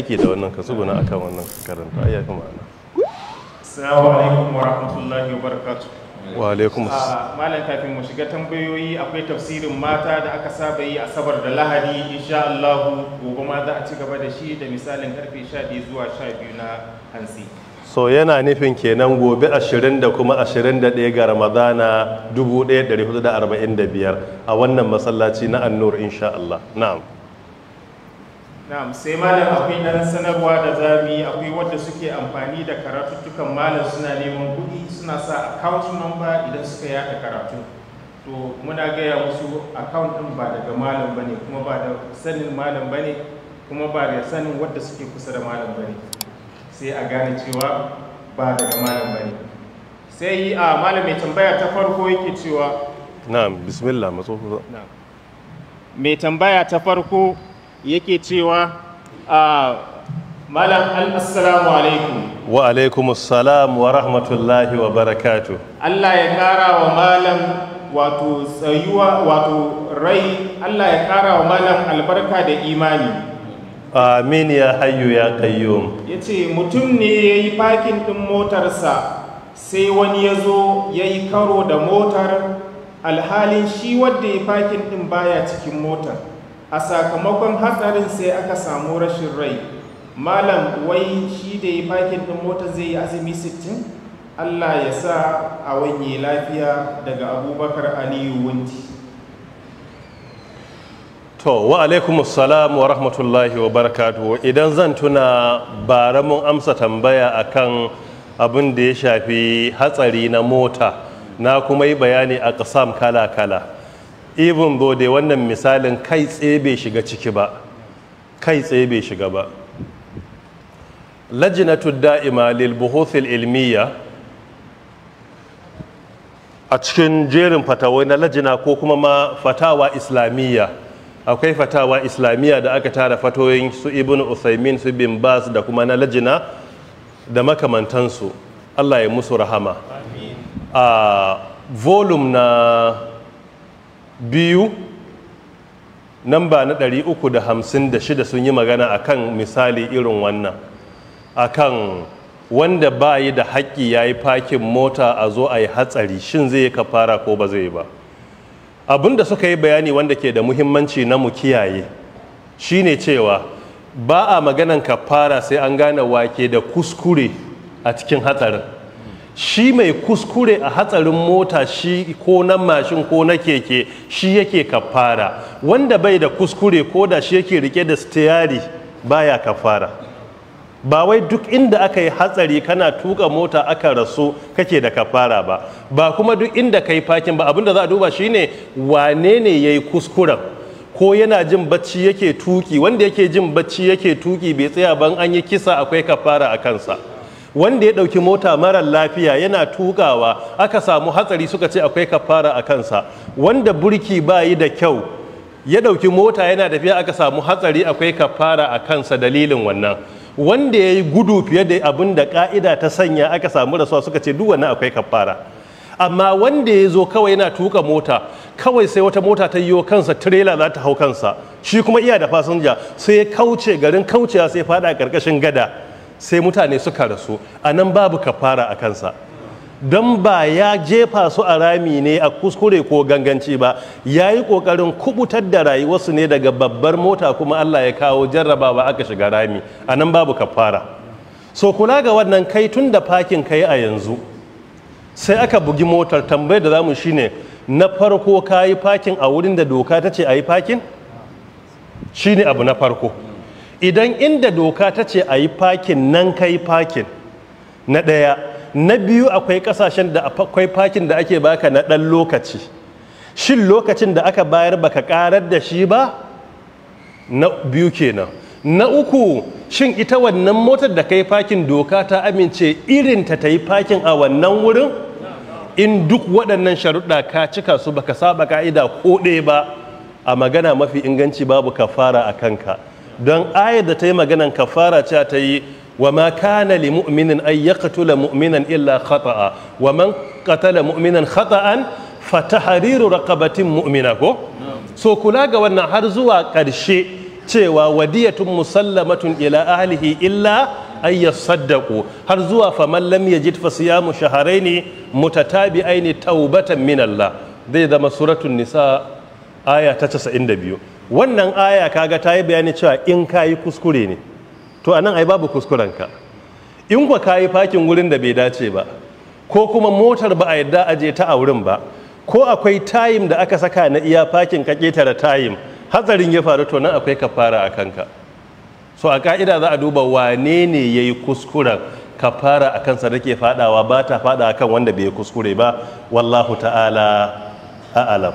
yake da wannan ka tsuguna a kan wannan karanta ai yafi ma'ana assalamu alaikum wa rahmatullahi wa barakatu wa alaikum ah, malam kafin mu shiga tambayoyi akwai tafsirin mata da aka saba yi a sabar da lahadi insha Allah gobe ma za a ci gaba da shi da misalin karfe 12 zuwa 12 na hansi so yana nufin kenan gobe 20 da kuma 21 ga ramadana 1445 a wannan masallaci na annur insha Allah na'am na'am sai malam akwai na sanarwa da zamu yi akwai wanda suke amfani da karatuttukan malam suna neman kuɗi suna sa account number idan suka yada karatu to muna gaya musu account din ba daga malam bane kuma ba da sanin malam bane kuma ba da sanin wanda suke kusa da malam bane sai a gane cewa ba daga malam bane sai a malam mai tambaya ta farko yake cewa na'am bismillah matso na'am mai tambaya ta farko yake cewa a ah, malam al alaikum wa alaikum assalam wa rahmatullahi wa barakatu Allah ya kara wa malam wato tsayuwa wato rai Allah ya kara wa malam albarka da imani amin ya hayyu ya qayyum yace mutum ne yayi parking din motarsa sai wani ya zo ya yi karo da motar alhalin shi wadda ya parking din baya cikin motar a sakamakon hatsarin sai aka samu rashin rai malam wai shi da ya fakin ɗin mota zai yi azumi 60 allah ya sa a wanye lafiya daga abubakar aliyu wunti to wa alaikum assalam wa rahmatullahi wa barakatuhu idan zan tuna bara mun amsa tambaya a kan abin da ya shafi hatsari na mota na kuma yi bayani a kasam kala-kala even though dai wannan misalin kai tsaye bai shiga ciki ba kai tsaye bai shiga ba lajinatu da'ima lil buhuthil ilmiya a cikin jerin fatawai na lajina ko kuma ma fatawa islamiyya akwai fatawa islamiyya da aka tara fatoyin su ibn usaimin su bin bas da kuma na lajina da makamantansu allah ya musu rahama a volume na biyu lamba na uku da da hamsin ɗari shida sun yi magana a kan misali irin wannan a kan wanda ba yi da haƙƙi ya yi fakin mota a zo a yi hatsari shin zai yi kafara ko ba zai ba abin da suka yi bayani wanda ke da muhimmanci na mu kiyaye shine cewa ba a maganan kafara sai an gane wake da kuskure a cikin hatsarin shi mai kuskure a hatsarin mota shi ko na mashin ko na keke shi yake kafara wanda bai da kuskure ko da shi yake rike da stiyari baya kafara ba wai duk inda aka yi hatsari kana tuka mota aka rasu kake da kafara ba ba kuma duk inda kai fakin ba abinda za a duba shine wane ne ya yi kuskuren ko yana jin bacci yake tuki wanda yake jin bacci yake tuki bai tsaya ban an yi kisa akwai kafara a kansa wanda ya ɗauki mota mara lafiya yana tukawa aka samu hatsari suka ce akwai kafara a kansa wanda burki yi da kyau ya ɗauki mota yana tafiya aka samu hatsari akwai kafara a kansa dalilin wannan wanda ya yi gudu fiye da abin da ka'ida ta sanya aka samu rasuwa suka ce duk wannan akwai kafara amma wanda ya zo kawai yana tuka mota kawai sai wata mota ta yiwo kansa tirela za ta hau kansa shi kuma iya da fasinja sai ya kauce garin kaucewa sai fada a ƙarƙashin gada sai mutane suka rasu a nan babu kafara a kansa don ba ya jefa su a rami ne a kuskure ko ganganci ba ya yi ƙoƙarin kubutar da rayuwarsu ne daga babbar mota kuma allah ya kawo jarrabawa aka shiga rami a nan babu kafara so kula ga wannan kai tun da fakin kai a yanzu sai aka bugi motar tambayar da zamu shine na farko ka yi fakin a wurin da doka ta ce a yi fakin shine abu na farko idan inda doka ta ce a yi fakin nan ka yi fakin na ɗaya na biyu akwai ƙasashen da akwai fakin da ake baka na ɗan lokaci shin lokacin da aka bayar baka ƙarar da shi ba na biyu kenan na uku shin ita wannan motar da ka yi fakin doka ta amince irin ta yi fakin a wannan wurin in duk waɗannan sharuɗa ka cika su baka saba ka'ida ko ɗaya ba a magana mafi inganci babu ka fara a kanka don ayar da ta yi maganan kafara cewa ta yi wa ma kana li mu'minin ay yaqtula mu'minan illa khata'a wa man qatala mu'minan khata'an fa tahriru raqabatin mu'mina ko so kula ga wannan har zuwa karshe cewa wadiyatun musallamatun ila ahlihi illa ay yasaddaqu har zuwa fa man lam yajid fa siyamu shahrayni mutatabi'aini tawbatan min Allah zai zama suratul nisa aya ta 92 wannan aya kaga ta yi bayani cewa in ka yi kuskure ne to anan ai babu kuskuren ka. in kwa ka yi fakin wurin da bai dace ba ko kuma motar ba a yadda aje ta a wurin ba ko akwai tayim da aka saka na iya fakin ka ketare tayim hatsarin ya faru to nan akwai kafara a kanka so a ka'ida za a duba wane ne ya yi kuskuren kafara a kansa da ke fadawa ba ta fada kan wanda bai kuskure ba wallahu ta'ala a'alam